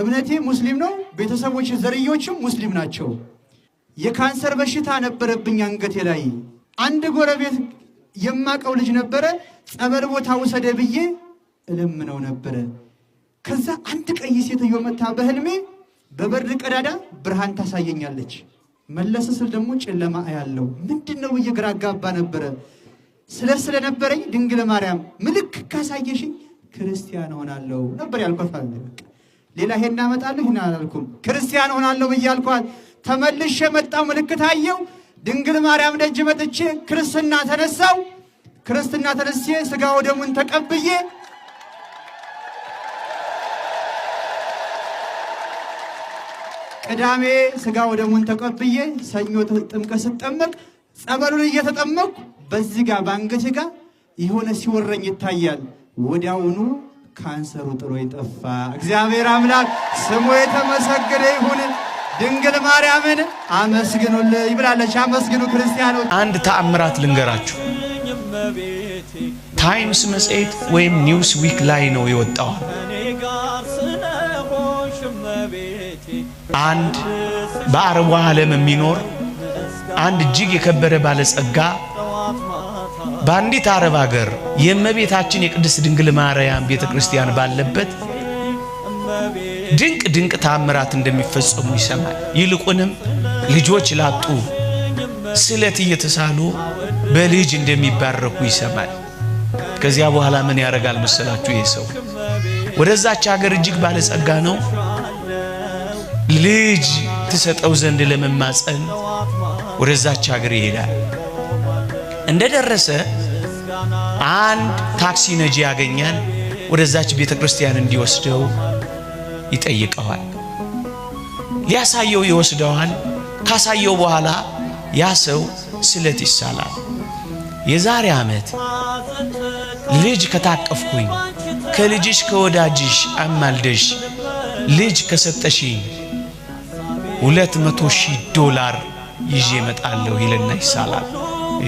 እምነቴ ሙስሊም ነው። ቤተሰቦች ዘርዮችም ሙስሊም ናቸው። የካንሰር በሽታ ነበረብኝ አንገቴ ላይ። አንድ ጎረቤት የማቀው ልጅ ነበረ። ጸበል ቦታ ውሰደ ብዬ እለምነው ነበረ። ከዛ አንድ ቀይ ሴትዮ መታ በህልሜ በበር ቀዳዳ ብርሃን ታሳየኛለች። መለስ ስል ደግሞ ጨለማ አያለው። ምንድን ነው ብዬ ግራ አጋባ ነበረ። ስለ ስለነበረኝ ድንግል ማርያም ምልክ ካሳየሽኝ ክርስቲያን ሆናለሁ ነበር ያልኳት። ሌላ ሄድ እናመጣለሁ ይህን አላልኩም። ክርስቲያን ሆናለሁ ብያልኳል። አልኳት። ተመልሼ መጣሁ፣ ምልክት አየሁ። ድንግል ማርያም ደጅ መጥቼ ክርስትና ተነሳው። ክርስትና ተነስቼ ስጋ ወደሙን ተቀብዬ ቅዳሜ ስጋ ወደሙን ተቀብዬ ሰኞ ጥምቀ ስጠመቅ ጸበሉን እየተጠመቅኩ በዚህ ጋር በአንገቴ ጋር የሆነ ሲወረኝ ይታያል። ወዲያውኑ ካንሰሩ ጥሎ የጠፋ እግዚአብሔር አምላክ ስሙ የተመሰገነ ይሁን። ድንግል ማርያምን አመስግኑልኝ ይብላለች። አመስግኑ ክርስቲያኖች። አንድ ተአምራት ልንገራችሁ። ታይምስ መጽሔት ወይም ኒውስ ዊክ ላይ ነው የወጣዋል። አንድ በአረቡ ዓለም የሚኖር አንድ እጅግ የከበረ ባለጸጋ በአንዲት አረብ ሀገር የእመቤታችን የቅድስት ድንግል ማርያም ቤተ ክርስቲያን ባለበት ድንቅ ድንቅ ታምራት እንደሚፈጸሙ ይሰማል። ይልቁንም ልጆች ላጡ ስለት እየተሳሉ በልጅ እንደሚባረኩ ይሰማል። ከዚያ በኋላ ምን ያደርጋል መሰላችሁ? ይህ ሰው ወደዛች ሀገር እጅግ ባለጸጋ ነው። ልጅ ትሰጠው ዘንድ ለመማፀን ወደዛች ሀገር ይሄዳል። እንደደረሰ አንድ ታክሲ ነጂ ያገኛል። ወደዛች ቤተ ክርስቲያን እንዲወስደው ይጠይቀዋል። ሊያሳየው ይወስደዋል። ካሳየው በኋላ ያ ሰው ስለት ይሳላል። የዛሬ ዓመት ልጅ ከታቀፍኩኝ ከልጅሽ ከወዳጅሽ አማልደሽ ልጅ ከሰጠሽኝ ሁለት መቶ ሺህ ዶላር ይዤ እመጣለሁ ይልና ይሳላል።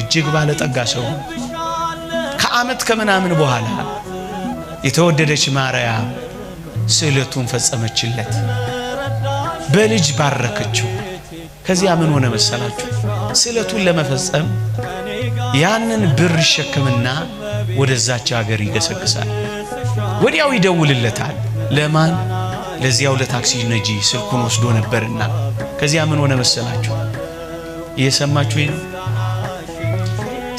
እጅግ ባለጠጋ ሰው ከዓመት ከምናምን በኋላ የተወደደች ማርያም ስዕለቱን ፈጸመችለት፣ በልጅ ባረከችው። ከዚያ ምን ሆነ መሰላችሁ? ስዕለቱን ለመፈጸም ያንን ብር ይሸከምና ወደዛች ሀገር ይገሰግሳል። ወዲያው ይደውልለታል። ለማን? ለዚያው ለታክሲ ነጂ ስልኩን ወስዶ ነበርና። ከዚያ ምን ሆነ መሰላችሁ? እየሰማችሁ ነው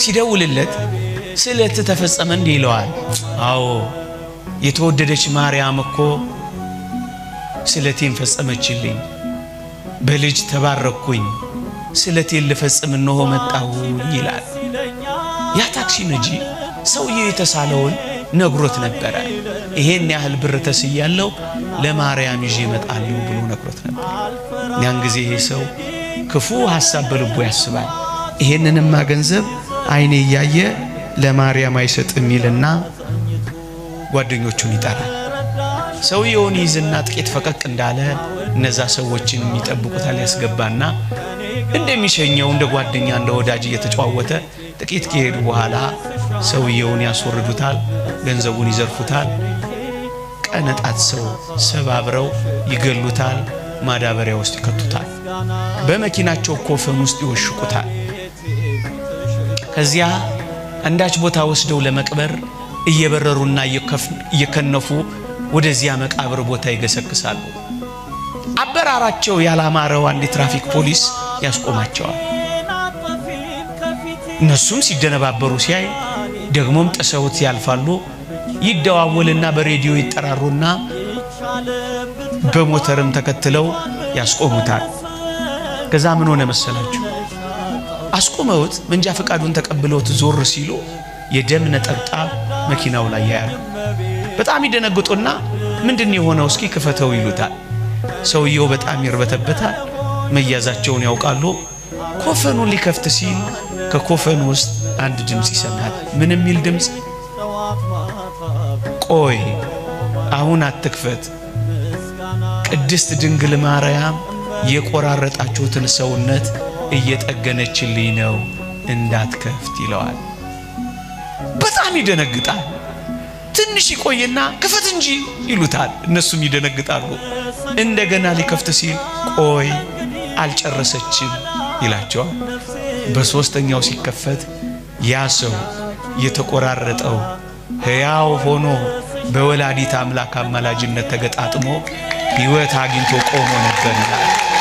ሲደውልለት ስለት ተፈጸመ እንዲህ ይለዋል። አዎ የተወደደች ማርያም እኮ ስለቴን ፈጸመችልኝ፣ በልጅ ተባረኩኝ፣ ስለቴን ልፈጽም እንሆ መጣሁ ይላል። ያ ታክሲ ነጂ ሰውዬው የተሳለውን ነግሮት ነበረ። ይሄን ያህል ብር ተስያለው ለማርያም ይዤ እመጣለሁ ብሎ ነግሮት ነበር። ያን ጊዜ ይሄ ሰው ክፉ ሀሳብ በልቡ ያስባል። ይሄንንማ ገንዘብ አይኔ እያየ ለማርያም አይሰጥም ይልና ጓደኞቹን ይጠራል። ሰውየውን ይዝና ጥቂት ፈቀቅ እንዳለ እነዛ ሰዎችን ይጠብቁታል። ያስገባና እንደሚሸኘው እንደ ጓደኛ እንደ ወዳጅ እየተጨዋወተ ጥቂት ከሄዱ በኋላ ሰውየውን ያስወርዱታል። ገንዘቡን ይዘርፉታል። ቀነጣት ሰው ሰባብረው ይገሉታል። ማዳበሪያ ውስጥ ይከቱታል። በመኪናቸው ኮፈን ውስጥ ይወሽቁታል። ከዚያ አንዳች ቦታ ወስደው ለመቅበር እየበረሩና እየከነፉ ወደዚያ መቃብር ቦታ ይገሰግሳሉ። አበራራቸው ያላማረው አንድ የትራፊክ ፖሊስ ያስቆማቸዋል። እነሱም ሲደነባበሩ ሲያይ ደግሞም ጥሰውት ያልፋሉ። ይደዋወልና በሬዲዮ ይጠራሩና በሞተርም ተከትለው ያስቆሙታል። ከዛ ምን ሆነ መሰላችሁ? አስቆመውት መንጃ ፈቃዱን ተቀብለውት ዞር ሲሉ የደም ነጠብጣብ መኪናው ላይ ያያሉ። በጣም ይደነግጡና ምንድን የሆነው እስኪ ክፈተው ይሉታል። ሰውየው በጣም ይርበተበታል። መያዛቸውን ያውቃሉ። ኮፈኑን ሊከፍት ሲል ከኮፈኑ ውስጥ አንድ ድምፅ ይሰማል። ምን የሚል ድምፅ? ቆይ አሁን አትክፈት፣ ቅድስት ድንግል ማርያም የቆራረጣችሁትን ሰውነት እየጠገነችልኝ ነው እንዳትከፍት ይለዋል። በጣም ይደነግጣል። ትንሽ ይቆይና ክፈት እንጂ ይሉታል። እነሱም ይደነግጣሉ። እንደገና ሊከፍት ሲል ቆይ አልጨረሰችም ይላቸዋል። በሦስተኛው ሲከፈት ያ ሰው የተቆራረጠው ሕያው ሆኖ በወላዲት አምላክ አማላጅነት ተገጣጥሞ ሕይወት አግኝቶ ቆሞ ነበር ይላል።